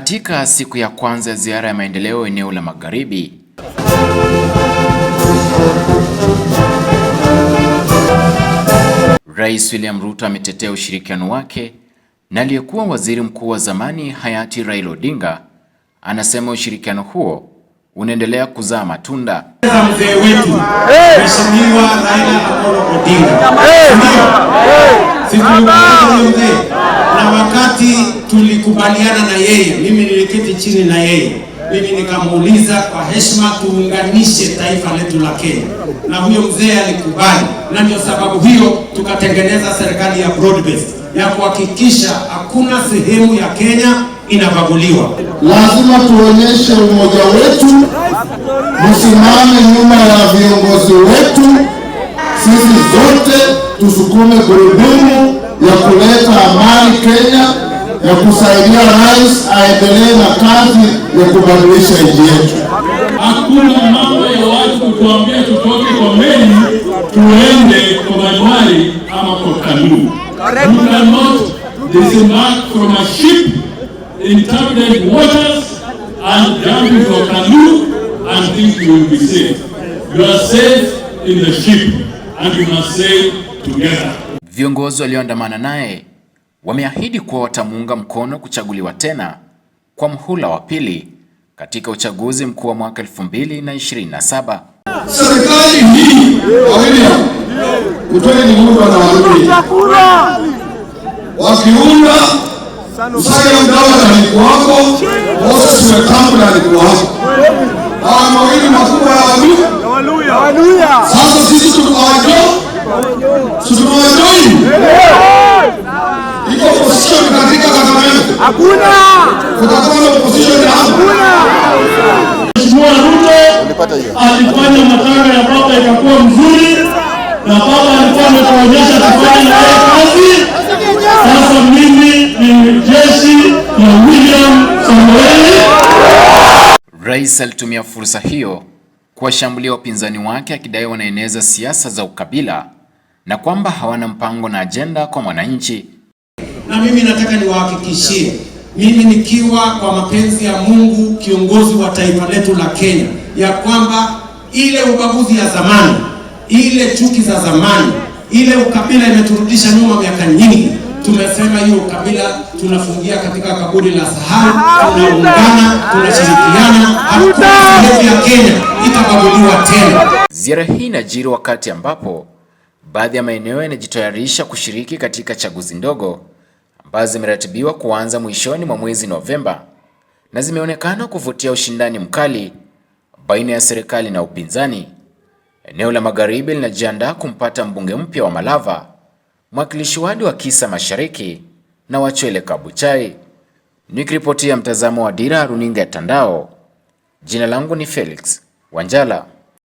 katika siku ya kwanza ya ziara ya maendeleo eneo la Magharibi. Rais William Ruto ametetea ushirikiano wake na aliyekuwa waziri mkuu wa zamani hayati Raila Odinga. Anasema ushirikiano huo unaendelea kuzaa matunda. Mzee wetu Mheshimiwa Raila Odinga kukubaliana na yeye. Mimi niliketi chini na yeye mimi nikamuuliza kwa heshima, tuunganishe taifa letu la Kenya, na huyo mzee alikubali, na ndio sababu hiyo tukatengeneza serikali ya broad based ya kuhakikisha hakuna sehemu ya Kenya inabaguliwa. Lazima tuonyeshe umoja wetu, msimame nyuma ya viongozi wetu, sisi zote tusukume gurudumu ya kule ya kusaidia rais aendelee na kazi ya kubadilisha nchi yetu. Hakuna mambo ya watu kutuambia tutoke kwa meli tuende kwa Januari ama kwa Kanuu. You cannot disembark from a ship in turbulent waters and jump into a canoe and think you will be safe. You are safe in the ship and you must sail together. Viongozi walioandamana naye wameahidi kuwa watamuunga mkono kuchaguliwa tena kwa mhula wa pili katika uchaguzi mkuu wa mwaka 2027. Serikali hii wawili uteni muda na warudi wakiunda Musalia Mudavadi alikuwako, Moses Wetangula hapo, hawa mawili makubwa ya Waluya. Sasa sisi tuko Wajo Hakuna. Kutakuwa na opposition hakuna. Mheshimiwa Ruto alifanya makanga ya papa ikakuwa mzuri, na papa alikuwa ametuonyesha kufanya na yeye kazi. Sasa mimi ni jeshi ya William Samoei. Rais alitumia fursa hiyo kuwashambulia wapinzani wake akidai wanaeneza siasa za ukabila na kwamba hawana mpango na ajenda kwa mwananchi na mimi nataka niwahakikishie, mimi nikiwa kwa mapenzi ya Mungu kiongozi wa taifa letu la Kenya, ya kwamba ile ubaguzi ya zamani, ile chuki za zamani, ile ukabila imeturudisha nyuma miaka nyingi. Tumesema hiyo ukabila tunafungia katika kaburi la sahau, tunaungana, tunashirikiana, hakuna sehemu ya Kenya itabaguliwa tena. Ziara hii inajiri wakati ambapo baadhi ya maeneo yanajitayarisha kushiriki katika chaguzi ndogo ambazo zimeratibiwa kuanza mwishoni mwa mwezi Novemba na zimeonekana kuvutia ushindani mkali baina ya serikali na upinzani. Eneo la magharibi linajiandaa kumpata mbunge mpya wa Malava, mwakilishi wadi wa Kisa Mashariki na Wachwele Kabuchai. Nikiripotia mtazamo wa Dira runinga ya Tandao, jina langu ni Felix Wanjala.